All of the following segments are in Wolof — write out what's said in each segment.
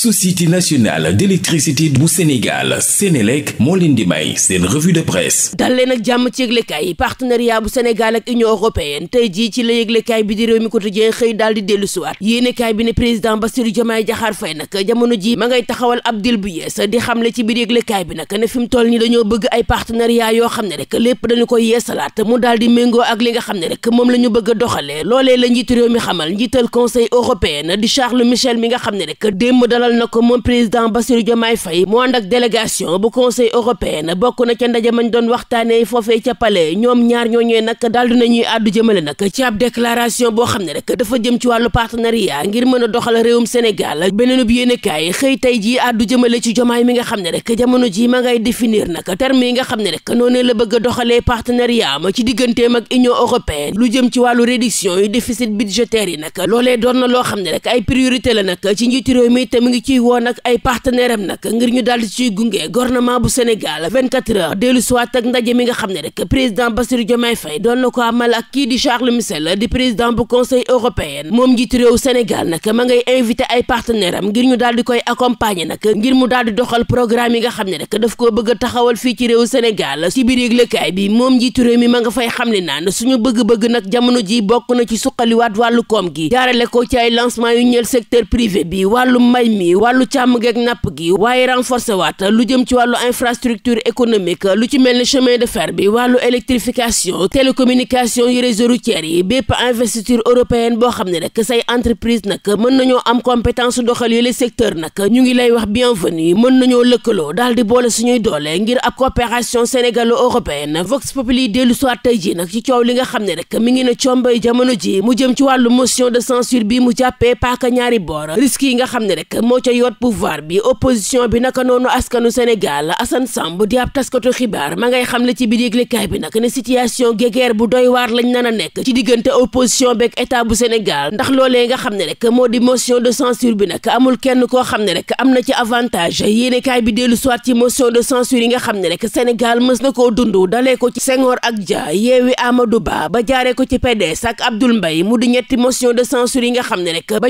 société nationale d'électricité bu Sénégal Sénélec moo leen di may seen revue de presse dal leen ak jàmm ci yëglekaay yi partenariat bu Sénégal ak Union européenne tey jii ci la yëglekaay bi di réew mi quotidien xëy daal di dellu siwaat yéenekaay bi ne président Bassirou Diomaye Diakhar Faye nag jamono ji ma ngay taxawal ab bu yees di xamle ci biir yëglekaay bi nag ne fi mu toll ni dañoo bëgg ay partenariat yoo xam ne rek lépp dañu koy yeesalaat li nga xam ne rek moom la ñu bëgg a mi xamal njiital conseil européen di amal na ko moom président Bassirou Diomaye Faye mu ànd ak délégation bu conseil européen bokk na ca ndaje mañ doon waxtaanee foofee ca palais ñoom ñaar ñooñee nag daal di nañuy àddu jëmale nag ci ab déclaration boo xam ne rek dafa jëm ci wàllu partenariat ngir mën a doxal réewum Sénégal beneen bi yéenekaay xëy tey jii àddu jëmale ci Diomaye mi nga xam ne rek jamono ji ma ngay définir nag terme yi nga xam ne rek noonu la bëgg a doxalee partenariat ma ci digganteem ak Union européenne lu jëm ci wàllu réduction yu déficit budgétaire yi na loo xam ne rek di ciy woo nag ay partenaire am nag ngir ñu daal di ciy gunge gouvernement bu Sénégal 24 heures dellu siwaat ak ndaje mi nga xam ne rek président Bassirou Diomaye Faye doon na ko amal kii di Charles Michel di président bu conseil européen moom njiitu réew Sénégal nag ma ngay invité ay partenaire am ngir ñu daal di koy accompagner nag ngir mu daal di doxal programme yi nga xam ne rek daf koo bëgg a fii ci réew Sénégal ci biir yëglekaay bi moom njiitu réew mi ma nga fay xam ne naan suñu bëgg-bëgg nag jamono ji bokk na ci suqaliwaat wàllu koom gi jaarale ko ci ay lancement yu ñeel secteur privé bi wàllu mbay mi yi wàllu càmm geeg napp gi waaye renforcer waat lu jëm ci wàllu infrastructure économique lu ci mel ni chemin de fer bi wàllu électrification télécommunication yi réseau routier yi bépp investiture européenne boo xam ne rek say entreprise nag mën nañoo am compétence doxal yële secteur nag ñu ngi lay wax bien bienvenue mën nañoo lëkkaloo daal di boole suñuy doole ngir ak coopération sénégalo-européenne Vox lii dellu soit tey ji nag ci coow li nga xam ne rek mi ngi ne combay jamono ji mu jëm ci wàllu motion de censure bi mu jàppee yi nga xew ca yoot pouvoir bi opposition bi naka noonu askanu Sénégal Assane Samb di ab taskatu xibaar ma ngay xam ne ci biir yëglekaay bi nag ne situation guerre bu doy waar lañ nar a nekk ci diggante opposition beeg état bu Sénégal ndax loolee nga xam ne rek moo di motion de censure bi nag amul kenn koo xam ne rek am na ci avantage yéenekaay bi dellu soit ci motion de censure yi nga xam ne rek Sénégal mës na ko dund dalee ko ci Senghor ak Dia Yewwi Amadou Ba ba jaaree ko ci PDS ak Abdoul Mbaye mu di ñetti motion de censure yi nga xam ne rek ba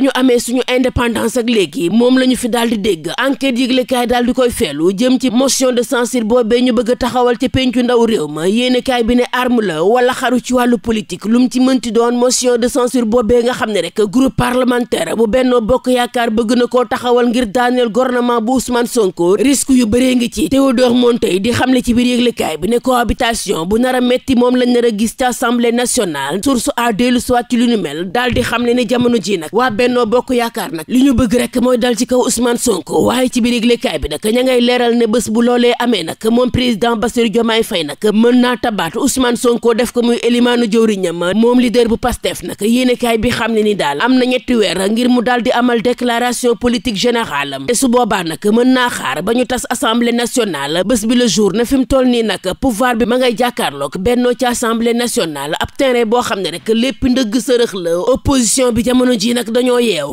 moom la ñu fi daal di dégg enquête yëglekaay daal koy feelu jëm ci motion de censure boobee ñu bëgg a taxawal ca pencu ndaw réew ma yéenekaay bi ne arme la wala xaru ci wàllu politique lu mu ci mënti doon motion de censure boobee nga xam ne rek groupe parlementaire bu Benno Bokk Yaakaar bëgg na koo taxawal ngir daaneel gouvernement bu Ousmane Sonko risque yu bëree ngi ci Théodore Montey di xam xamle ci biir yëglekaay bi ne cohabitation bu nar a metti moom lañ nar a gis ci assemblée nationale a dellu lu ñu mel daal di xamle ne jamono ji nag waa Benno Bokk Yaakaar nag li ñu ci kaw Ousmane Sonko waaye ci biir yëglekaay bi nag ña ngay leeral ne bés bu loolee amee nag moom président Bassirou Diomaye Faye nag mën naa tabaat Ousmane Sonko def ko muy élimaanu ma moom leader bu Pastef nag yéenekaay bi xam ne nii daal am na ñetti weer ngir mu daal di amal déclaration politique général te su boobaa nag mën naa xaar ba ñu tas assemblée nationale bés bi le jour na fi mu toll nii nag pouvoir bi ma ngay jàkkaarloog bennoo ci assemblée nationale ab terrain boo xam ne rek lépp ndëgg sërëx la opposition bi jamono ji nag dañoo yeew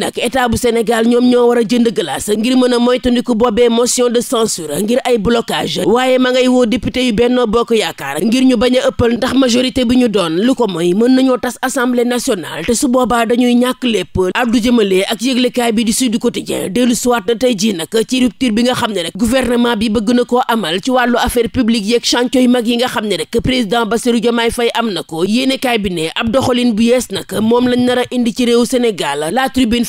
nag état bu Sénégal ñoom ñoo war a jënd glace ngir mën a moytandiku boobee motion de censure ngir ay blocage waaye ma ngay woo député yu Benno Bokk Yaakaar ngir ñu bañ a ëppal ndax majorité bi ñu doon lu ko mooy mën nañoo tas assemblée nationale te su boobaa dañuy ñàkk lépp addu jëmale ak yëglekaay bi di Sud Quotidien dellu siwaat na tey ji nag ci rupture bi nga xam ne rek gouvernement bi bëgg na koo amal ci wàllu affaire publique yeeg chantier yu mag yi nga xam ne rek président Bassirou Diomaye Faye am na ko yéenekaay bi ne ab doxalin bu yees nag moom lañ nar a indi ci réew Sénégal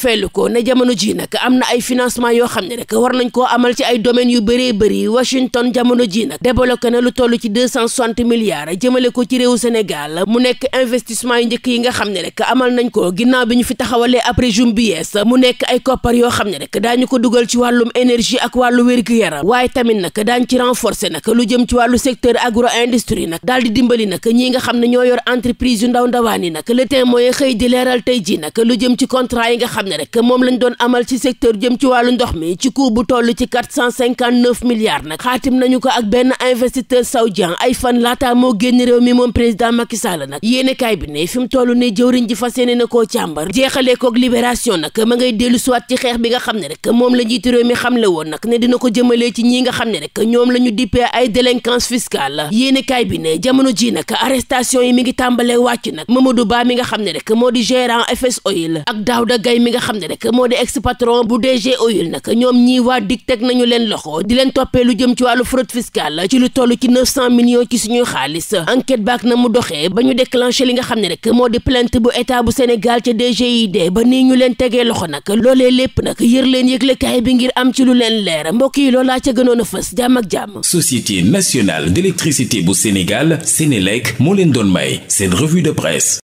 faylu ko ne jamono ji nag am na ay financement yoo xam ne rek war nañ koo amal ci ay domaines yu bëree bëri Washington jamono ji nag débloqué na lu toll ci deux cent soixante milliards jëmale ko ci réewu Sénégal mu nekk investissement yu njëkk yi nga xam ne rek amal nañ ko ginnaaw bi ñu fi taxawalee après jum bi yees mu nekk ay koppar yoo xam ne rek daañu ko dugal ci wàllum énergie ak wàllu wér-gu-yaram waaye tamit nag daañ ci renforcer nag lu jëm ci wàllu secteur agro daal di dimbali nag ñi nga xam ne ñoo yor entreprise yu ndaw ndawaan yi nag le temps mooy ne rek moom lañ doon amal ci secteur jëm ci wàllu ndox mi ci coût bu toll ci quatre cent cinquante neuf milliards nag xaatim nañu ko ak benn investisseur saoudien ay fan laata moo génn réew mi moom président Macky Sall nag yéenekaay bi ne fi mu toll ne jëwriñ ji fas yéene na koo càmbar jeexale koog libération nag ma ngay dellu siwaat ci xeex bi nga xam ne rek moom la njiitu réew mi xamle woon nag ne dina jëmalee ci ñi nga xam ne rek ñoom la ñu dippee ay délinquance fiscale yéenekaay bi ne jamono ji nag arrestation yi mi ngi tàmbalee wàcc nag Mamadou Ba mi nga xam ne rek moo di gérant FS Oil ak Daouda Gaye xam ne rek moo di ex patron bu DG Oil nag ñoom ñii waa teg nañu leen loxo di leen toppee lu jëm ci wàllu fraude fiscale ci lu toll ci neuf cent millions ci suñuy xaalis enquête baak na mu doxee ba ñu déclenché li nga xam ne rek moo di plainte bu état bu Sénégal ca DGID ba nii ñu leen tegee loxo nag loolee lépp nag yër leen yëglekaay bi ngir am ci lu leen leer mbokk yi loolaa ca gënoon a fës jàmm ak jàmm. Société nationale d'électricité bu Sénégal Sénélec moo leen doon may seen revue de presse.